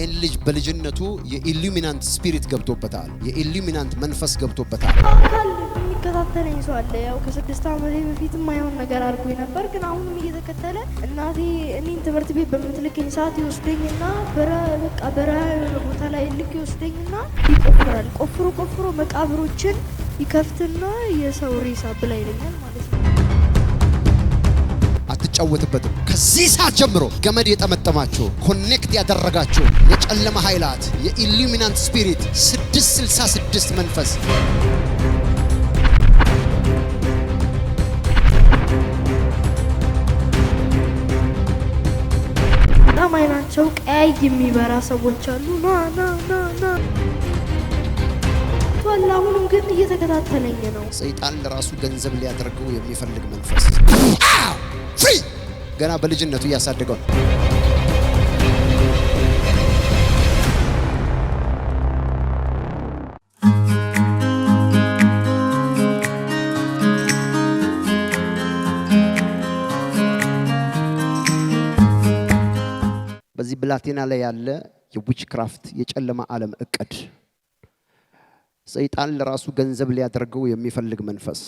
ይህን ልጅ በልጅነቱ የኢሉሚናንት ስፒሪት ገብቶበታል፣ የኢሉሚናንት መንፈስ ገብቶበታል። አካል የሚከታተለኝ ሰው አለ። ያው ከስድስት ዓመቴ በፊት አይሆን ነገር አድርጎ ነበር፣ ግን አሁንም እየተከተለ እናቴ እኔን ትምህርት ቤት በምትልክኝ ሰዓት ይወስደኝና በቃ በረሃ የሆነ ቦታ ላይ ልክ ይወስደኝና ይቆፍራል። ቆፍሮ ቆፍሮ መቃብሮችን ይከፍትና የሰው ሬሳ ብላ ይለኛል ማለት አትጫወትበትም። ከዚህ ሰዓት ጀምሮ ገመድ የጠመጠማችሁ ኮኔክት ያደረጋችሁ የጨለማ ኃይላት የኢሉሚናንት ስፒሪት 666 መንፈስ በጣም አይናቸው ቀይ የሚበራ ሰዎች አሉ። ና ና ና ና አሁንም ግን እየተከታተለኝ ነው። ሰይጣን ለራሱ ገንዘብ ሊያደርገው የሚፈልግ መንፈስ ፍሪ ገና በልጅነቱ እያሳደገው ነው። በዚህ ብላቴና ላይ ያለ የዊች ክራፍት የጨለማ ዓለም እቅድ ሰይጣን ለራሱ ገንዘብ ሊያደርገው የሚፈልግ መንፈስ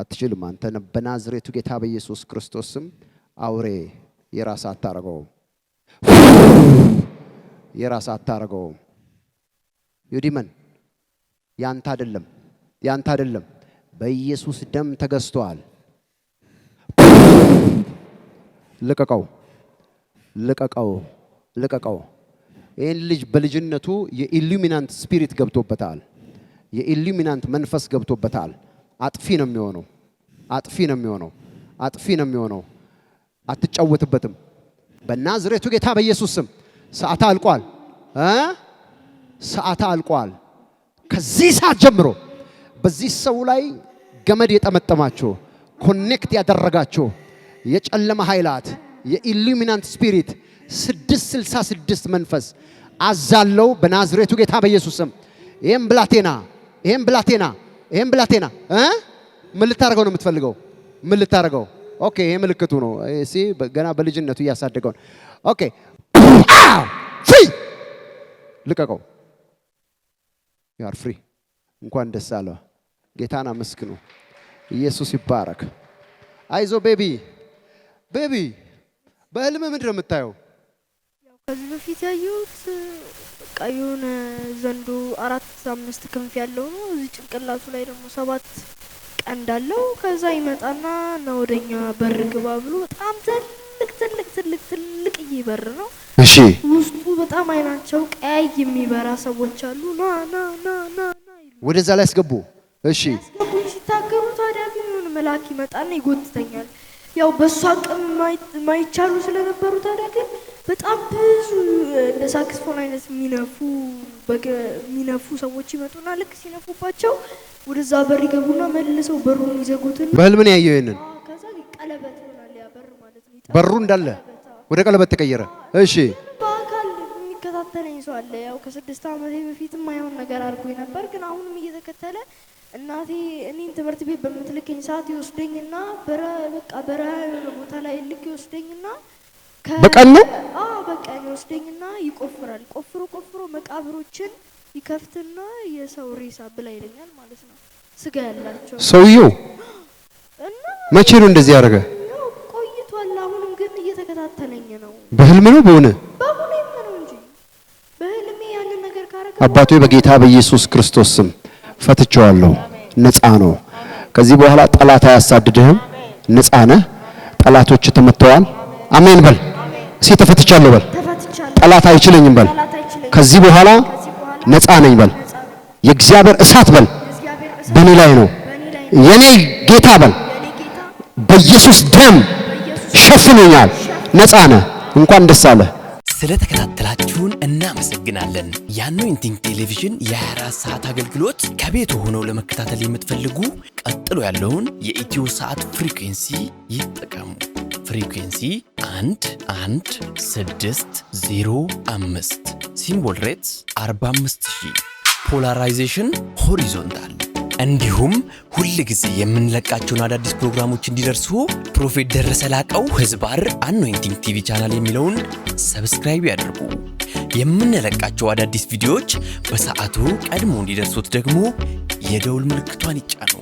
አትችልም። አንተ በናዝሬቱ ጌታ በኢየሱስ ክርስቶስም አውሬ የራስ አታረገውም፣ የራስ አታረገውም። ዩዲመን ያንተ አይደለም፣ ያንተ አይደለም። በኢየሱስ ደም ተገዝቷል። ልቀቀው፣ ልቀቀው፣ ልቀቀው። ይህን ልጅ በልጅነቱ የኢሉሚናንት ስፒሪት ገብቶበታል። የኢሉሚናንት መንፈስ ገብቶበታል። አጥፊ ነው የሚሆነው። አጥፊ ነው የሚሆነው። አጥፊ ነው የሚሆነው። አትጫወትበትም። በናዝሬቱ ጌታ በኢየሱስ ስም ሰዓታ አልቋል እ ሰዓታ አልቋል። ከዚህ ሰዓት ጀምሮ በዚህ ሰው ላይ ገመድ የጠመጠማችሁ ኮኔክት ያደረጋችሁ የጨለመ ኃይላት የኢሉሚናንት ስፒሪት 666 መንፈስ አዛለው በናዝሬቱ ጌታ በኢየሱስ ስም ይህም ብላቴና ይህም ብላቴና ይሄን ብላቴና ምን ልታደርገው ነው የምትፈልገው? ምን ልታደርገው? ኦኬ፣ ይሄ ምልክቱ ነው። እሺ፣ ገና በልጅነቱ እያሳደገው ኦኬ። ፍሪ ልቀቀው። አር ፍሪ። እንኳን ደስ አለው። ጌታን አመስግኑ። ኢየሱስ ይባረክ። አይዞ ቤቢ፣ ቤቢ። በህልም ምንድን ነው የምታየው? ከዚህ በፊት ያየሁት ቀዩን ዘንዶ አራት አምስት ክንፍ ያለው ነው። እዚህ ጭንቅላቱ ላይ ደግሞ ሰባት ቀንድ አለው። ከዛ ይመጣና ነው ወደኛ በር ግባ ብሎ በጣም ትልቅ ትልቅ ትልቅ ትልቅ በር ነው። እሺ ውስጡ በጣም አይናቸው ቀያይ የሚበራ ሰዎች አሉ። ና ና ና ና ወደዛ ላይ አስገቡ እሺ ያስገቡኝ። ሲታገሩ ታዲያ ግን ምን መልአክ ይመጣና ይጎትተኛል። ያው በእሱ አቅም ማይቻሉ ስለነበሩ ታዲያ ግን በጣም ብዙ እንደ ሳክስፎን አይነት የሚነፉ የሚነፉ ሰዎች ይመጡና ልክ ሲነፉባቸው ወደዛ በር ይገቡና መልሰው በሩን ይዘጉትን። በህልምን ያየው ይንን ከዛ ቀለበት ይሆናል ያ በር ማለት ነው። በሩ እንዳለ ወደ ቀለበት ተቀየረ። እሺ በአካል የሚከታተለኝ ሰው አለ። ያው ከስድስት ዓመቴ በፊት የማይሆን ነገር አድርጎኝ ነበር፣ ግን አሁንም እየተከተለ እናቴ እኔን ትምህርት ቤት በምትልከኝ ሰዓት ይወስደኝና በቃ በረ የሆነ ቦታ ላይ ልክ ይወስደኝና በቀን ነው። አዎ በቀን ይወስደኝና ይቆፍራል። ቆፍሮ ቆፍሮ መቃብሮችን ይከፍትና የሰው ሬሳ ብላ ይለኛል ማለት ነው። ስጋ ያላቸው ሰውየው መቼ ነው እንደዚህ ያደረገ? ቆይቷል። አሁንም ግን እየተከታተለኝ ነው። በህልም ነው በሆነ አባቶ በጌታ በኢየሱስ ክርስቶስ ስም ፈትቼዋለሁ። ነፃ ነው። ከዚህ በኋላ ጠላት አያሳድድህም። ነፃ ነህ። ጠላቶች ተመተዋል። አሜን በል። ሴ ተፈትቻለሁ በል። ጠላት አይችለኝም በል። ከዚህ በኋላ ነፃ ነኝ በል። የእግዚአብሔር እሳት በል በኔ ላይ ነው። የኔ ጌታ በል በኢየሱስ ደም ሸፍኖኛል። ነፃ ነህ። እንኳን ደስ አለህ። ስለተከታተላችሁን እናመሰግናለን። የአኖይንቲንግ ቴሌቪዥን የ24 ሰዓት አገልግሎት ከቤት ሆነው ለመከታተል የምትፈልጉ ቀጥሎ ያለውን የኢትዮ ሰዓት ፍሪኩንሲ ይጠቀሙ። ፍሪኩንሲ አንድ አንድ ስድስት ዜሮ አምስት ሲምቦል ሬትስ 45000 ፖላራይዜሽን ሆሪዞንታል። እንዲሁም ሁል ጊዜ የምንለቃቸውን አዳዲስ ፕሮግራሞች እንዲደርሱ ፕሮፌት ደረሰ ላቀው ህዝባር አኖይንቲንግ ቲቪ ቻናል የሚለውን ሰብስክራይብ ያድርጉ። የምንለቃቸው አዳዲስ ቪዲዮዎች በሰዓቱ ቀድሞ እንዲደርሱት ደግሞ የደውል ምልክቷን ይጫኑ።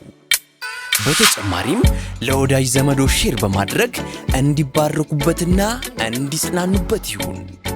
በተጨማሪም ለወዳጅ ዘመዶ ሼር በማድረግ እንዲባረኩበትና እንዲጽናኑበት ይሁን።